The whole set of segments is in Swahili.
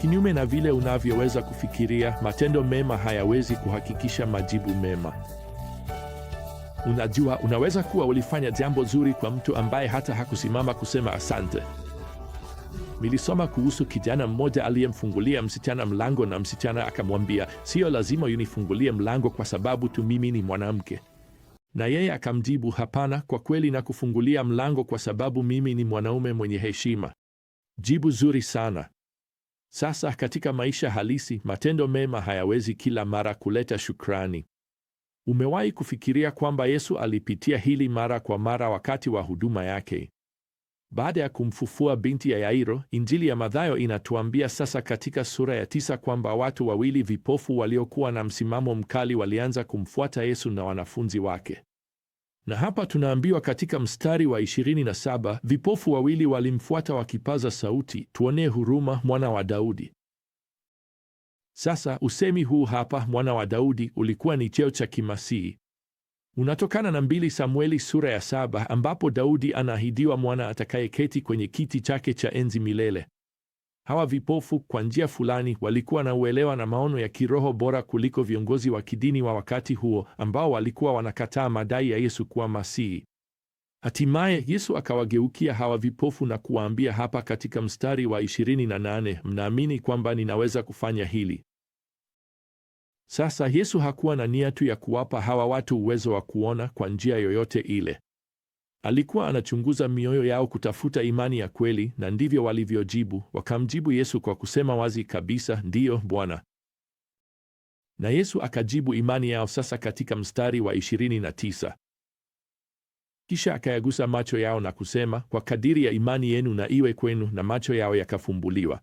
Kinyume na vile unavyoweza kufikiria, matendo mema hayawezi kuhakikisha majibu mema. Unajua, unaweza kuwa ulifanya jambo zuri kwa mtu ambaye hata hakusimama kusema asante. Nilisoma kuhusu kijana mmoja aliyemfungulia msichana mlango na msichana akamwambia, siyo lazima unifungulie mlango kwa sababu tu mimi ni mwanamke. Na yeye akamjibu, hapana, kwa kweli na kufungulia mlango kwa sababu mimi ni mwanaume mwenye heshima. Jibu zuri sana. Sasa katika maisha halisi, matendo mema hayawezi kila mara kuleta shukrani. Umewahi kufikiria kwamba Yesu alipitia hili mara kwa mara wakati wa huduma yake? Baada ya kumfufua binti ya Yairo, Injili ya Mathayo inatuambia sasa katika sura ya tisa kwamba watu wawili vipofu waliokuwa na msimamo mkali walianza kumfuata Yesu na wanafunzi wake. Na hapa tunaambiwa katika mstari wa 27, vipofu wawili walimfuata wakipaza sauti, tuonee huruma, mwana wa Daudi. Sasa usemi huu hapa, mwana wa Daudi, ulikuwa ni cheo cha kimasihi unatokana na mbili Samueli sura ya saba ambapo Daudi anaahidiwa mwana atakayeketi kwenye kiti chake cha enzi milele. Hawa vipofu kwa njia fulani walikuwa na uelewa na maono ya kiroho bora kuliko viongozi wa kidini wa wakati huo ambao walikuwa wanakataa madai ya Yesu kuwa Masihi. Hatimaye Yesu akawageukia hawa vipofu na kuwaambia hapa katika mstari wa 28, mnaamini kwamba ninaweza kufanya hili? Sasa Yesu hakuwa na nia tu ya kuwapa hawa watu uwezo wa kuona kwa njia yoyote ile. Alikuwa anachunguza mioyo yao kutafuta imani ya kweli, na ndivyo walivyojibu. Wakamjibu Yesu kwa kusema wazi kabisa, ndiyo Bwana. Na Yesu akajibu imani yao. Sasa katika mstari wa 29, kisha akayagusa macho yao na kusema, kwa kadiri ya imani yenu na iwe kwenu, na macho yao yakafumbuliwa.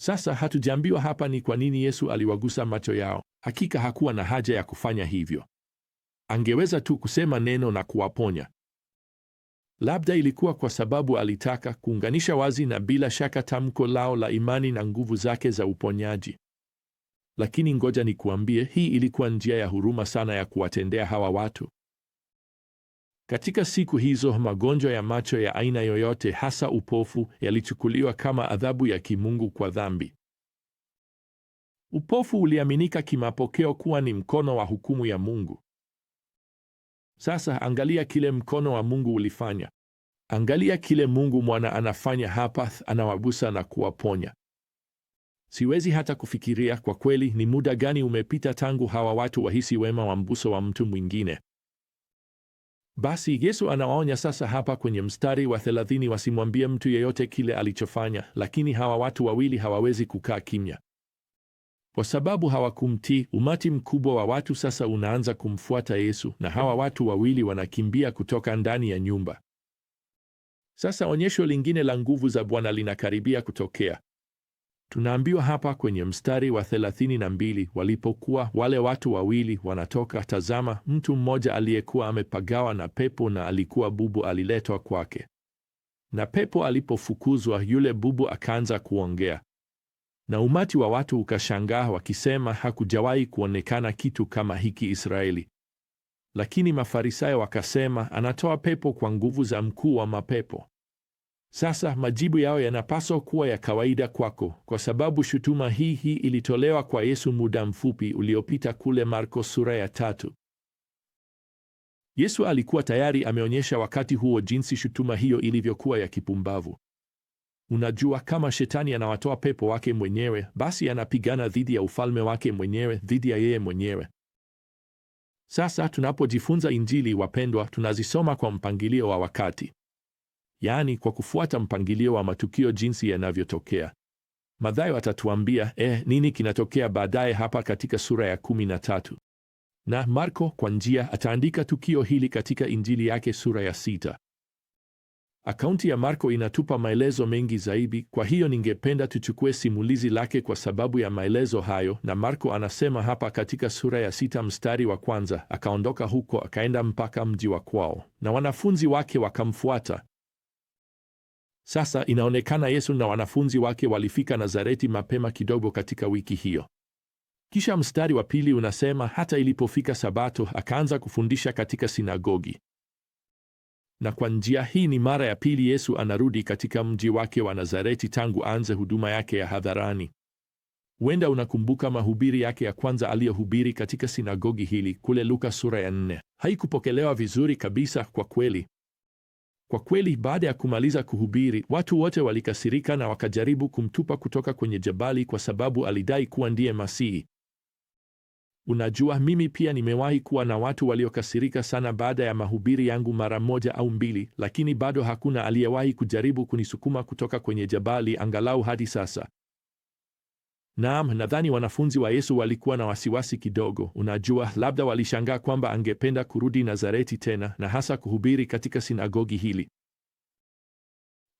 Sasa hatujaambiwa hapa ni kwa nini Yesu aliwagusa macho yao. Hakika hakuwa na haja ya kufanya hivyo. Angeweza tu kusema neno na kuwaponya. Labda ilikuwa kwa sababu alitaka kuunganisha wazi na bila shaka tamko lao la imani na nguvu zake za uponyaji. Lakini ngoja nikuambie, hii ilikuwa njia ya huruma sana ya kuwatendea hawa watu. Katika siku hizo, magonjwa ya macho ya aina yoyote, hasa upofu, yalichukuliwa kama adhabu ya kimungu kwa dhambi. Upofu uliaminika kimapokeo kuwa ni mkono wa hukumu ya Mungu. Sasa angalia kile mkono wa Mungu ulifanya. Angalia kile Mungu mwana anafanya hapa, anawagusa na kuwaponya. Siwezi hata kufikiria kwa kweli ni muda gani umepita tangu hawa watu wahisi wema wa mguso wa mtu mwingine. Basi Yesu anawaonya sasa hapa kwenye mstari wa 30 wasimwambie mtu yeyote kile alichofanya, lakini hawa watu wawili hawawezi kukaa kimya. Kwa sababu hawakumtii, umati mkubwa wa watu sasa unaanza kumfuata Yesu, na hawa watu wawili wanakimbia kutoka ndani ya nyumba. Sasa onyesho lingine la nguvu za Bwana linakaribia kutokea. Tunaambiwa hapa kwenye mstari wa 32, walipokuwa wale watu wawili wanatoka, tazama, mtu mmoja aliyekuwa amepagawa na pepo na alikuwa bubu aliletwa kwake, na pepo alipofukuzwa, yule bubu akaanza kuongea na umati wa watu ukashangaa wakisema, hakujawahi kuonekana kitu kama hiki Israeli. Lakini Mafarisayo wakasema, anatoa pepo kwa nguvu za mkuu wa mapepo. Sasa majibu yao yanapaswa kuwa ya kawaida kwako, kwa sababu shutuma hii hii ilitolewa kwa Yesu muda mfupi uliopita kule Marko sura ya tatu. Yesu alikuwa tayari ameonyesha wakati huo jinsi shutuma hiyo ilivyokuwa ya kipumbavu. Unajua, kama shetani anawatoa pepo wake mwenyewe, basi anapigana dhidi ya ufalme wake mwenyewe, dhidi ya yeye mwenyewe. Sasa tunapojifunza Injili, wapendwa, tunazisoma kwa mpangilio wa wakati, yaani kwa kufuata mpangilio wa matukio jinsi yanavyotokea. Mathayo atatuambia eh, nini kinatokea baadaye hapa katika sura ya kumi na tatu na Marko kwa njia ataandika tukio hili katika Injili yake sura ya sita. Akaunti ya Marko inatupa maelezo mengi zaidi, kwa hiyo ningependa tuchukue simulizi lake kwa sababu ya maelezo hayo. Na Marko anasema hapa katika sura ya sita mstari wa kwanza, akaondoka huko akaenda mpaka mji wa kwao na wanafunzi wake wakamfuata. Sasa inaonekana Yesu na wanafunzi wake walifika Nazareti mapema kidogo katika wiki hiyo. Kisha mstari wa pili unasema hata ilipofika Sabato akaanza kufundisha katika sinagogi. Na kwa njia hii ni mara ya pili Yesu anarudi katika mji wake wa Nazareti tangu aanze huduma yake ya hadharani. Huenda unakumbuka mahubiri yake ya kwanza aliyohubiri katika sinagogi hili kule Luka sura ya nne. Haikupokelewa vizuri kabisa kwa kweli. Kwa kweli, baada ya kumaliza kuhubiri, watu wote walikasirika na wakajaribu kumtupa kutoka kwenye jabali kwa sababu alidai kuwa ndiye Masihi. Unajua, mimi pia nimewahi kuwa na watu waliokasirika sana baada ya mahubiri yangu mara moja au mbili, lakini bado hakuna aliyewahi kujaribu kunisukuma kutoka kwenye jabali, angalau hadi sasa. Naam, nadhani wanafunzi wa Yesu walikuwa na wasiwasi kidogo. Unajua, labda walishangaa kwamba angependa kurudi Nazareti tena na hasa kuhubiri katika sinagogi hili.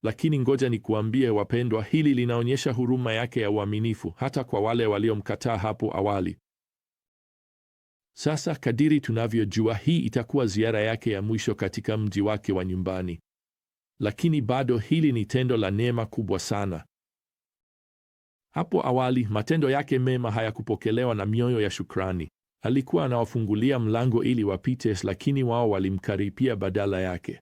Lakini ngoja nikuambie wapendwa, hili linaonyesha huruma yake ya uaminifu hata kwa wale waliomkataa hapo awali. Sasa kadiri tunavyojua, hii itakuwa ziara yake ya mwisho katika mji wake wa nyumbani, lakini bado hili ni tendo la neema kubwa sana. Hapo awali matendo yake mema hayakupokelewa na mioyo ya shukrani. Alikuwa anawafungulia mlango ili wapite, lakini wao walimkaripia badala yake.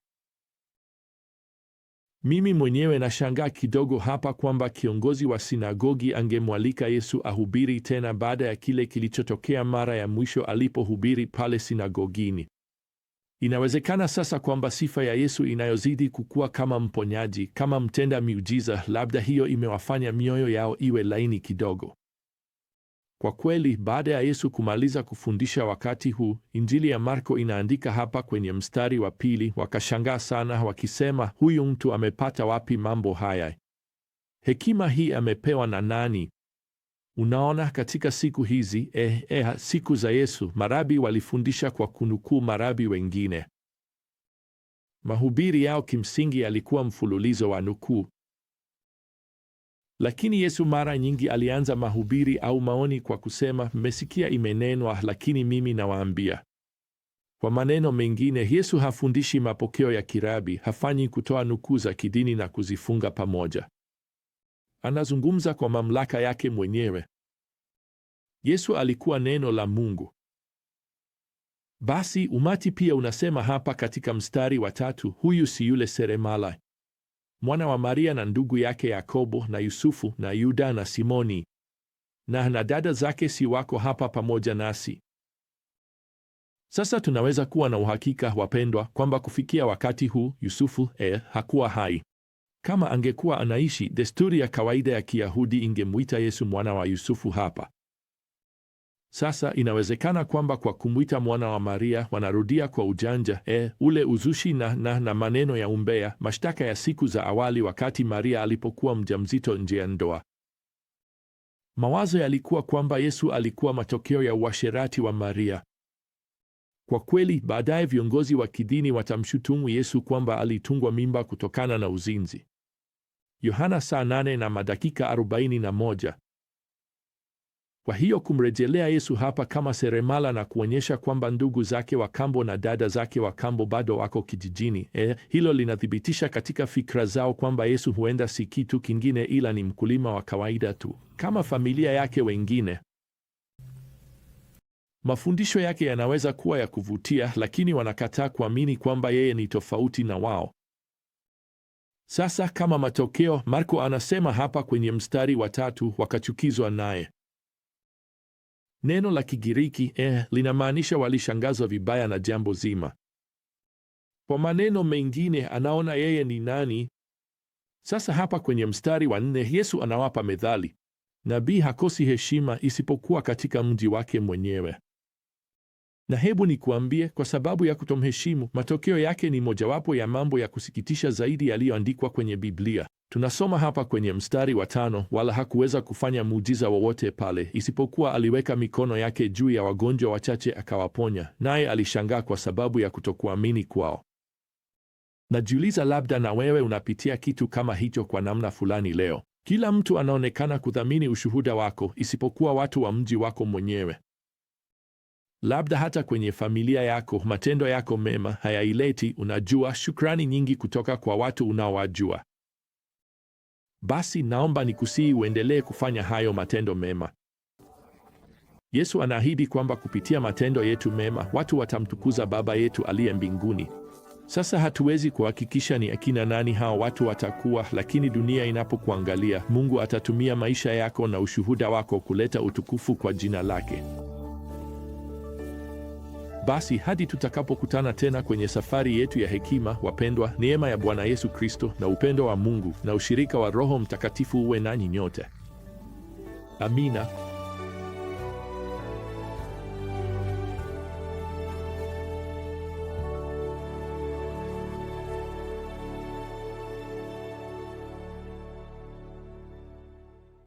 Mimi mwenyewe nashangaa kidogo hapa kwamba kiongozi wa sinagogi angemwalika Yesu ahubiri tena baada ya kile kilichotokea mara ya mwisho alipohubiri pale sinagogini. Inawezekana sasa kwamba sifa ya Yesu inayozidi kukua kama mponyaji, kama mtenda miujiza, labda hiyo imewafanya mioyo yao iwe laini kidogo. Kwa kweli, baada ya Yesu kumaliza kufundisha wakati huu, Injili ya Marko inaandika hapa kwenye mstari wa pili, wakashangaa sana wakisema, huyu mtu amepata wapi mambo haya? Hekima hii amepewa na nani? Unaona, katika siku hizi eh, eh, siku za Yesu, marabi walifundisha kwa kunukuu marabi wengine. Mahubiri yao kimsingi yalikuwa mfululizo wa nukuu. Lakini Yesu mara nyingi alianza mahubiri au maoni kwa kusema, mmesikia imenenwa, lakini mimi nawaambia. Kwa maneno mengine, Yesu hafundishi mapokeo ya kirabi, hafanyi kutoa nukuu za kidini na kuzifunga pamoja. Anazungumza kwa mamlaka yake mwenyewe. Yesu alikuwa neno la Mungu. Basi umati pia unasema hapa katika mstari wa tatu, huyu si yule seremala mwana wa Maria na ndugu yake Yakobo na Yusufu na Yuda na Simoni na na dada zake si wako hapa pamoja nasi. Sasa tunaweza kuwa na uhakika wapendwa, kwamba kufikia wakati huu Yusufu eh, hakuwa hai. Kama angekuwa anaishi, desturi ya kawaida ya Kiyahudi ingemwita Yesu mwana wa Yusufu hapa, sasa inawezekana kwamba kwa kumwita mwana wa Maria wanarudia kwa ujanja e, ule uzushi na, na, na maneno ya umbea, mashtaka ya siku za awali wakati Maria alipokuwa mjamzito nje ya ndoa. Mawazo yalikuwa kwamba Yesu alikuwa matokeo ya uasherati wa Maria. Kwa kweli, baadaye viongozi wa kidini watamshutumu Yesu kwamba alitungwa mimba kutokana na uzinzi. Yohana saa nane na madakika arobaini na moja. Kwa hiyo kumrejelea Yesu hapa kama seremala na kuonyesha kwamba ndugu zake wa kambo na dada zake wa kambo bado wako kijijini, eh, hilo linathibitisha katika fikra zao kwamba Yesu huenda si kitu kingine ila ni mkulima wa kawaida tu kama familia yake wengine. Mafundisho yake yanaweza kuwa ya kuvutia, lakini wanakataa kuamini kwamba yeye ni tofauti na wao. Sasa kama matokeo, Marko anasema hapa kwenye mstari wa tatu, wakachukizwa naye. Neno la Kigiriki eh, linamaanisha walishangazwa vibaya na jambo zima. Kwa maneno mengine, anaona yeye ni nani. Sasa hapa kwenye mstari wa nne Yesu anawapa medhali Nabii hakosi heshima isipokuwa katika mji wake mwenyewe. Na hebu nikuambie, kwa sababu ya kutomheshimu, matokeo yake ni mojawapo ya mambo ya kusikitisha zaidi yaliyoandikwa kwenye Biblia. Tunasoma hapa kwenye mstari wa tano, wala hakuweza kufanya muujiza wowote pale, isipokuwa aliweka mikono yake juu ya wagonjwa wachache akawaponya, naye alishangaa kwa sababu ya kutokuamini kwao. Najiuliza, labda na wewe unapitia kitu kama hicho kwa namna fulani leo. Kila mtu anaonekana kuthamini ushuhuda wako isipokuwa watu wa mji wako mwenyewe. Labda hata kwenye familia yako matendo yako mema hayaileti, unajua, shukrani nyingi kutoka kwa watu unaowajua. Basi naomba nikusihi uendelee kufanya hayo matendo mema. Yesu anaahidi kwamba kupitia matendo yetu mema watu watamtukuza Baba yetu aliye mbinguni. Sasa hatuwezi kuhakikisha ni akina nani hao watu watakuwa, lakini dunia inapokuangalia, Mungu atatumia maisha yako na ushuhuda wako kuleta utukufu kwa jina lake. Basi hadi tutakapokutana tena kwenye safari yetu ya hekima, wapendwa, neema ya Bwana Yesu Kristo na upendo wa Mungu na ushirika wa Roho Mtakatifu uwe nanyi nyote. Amina.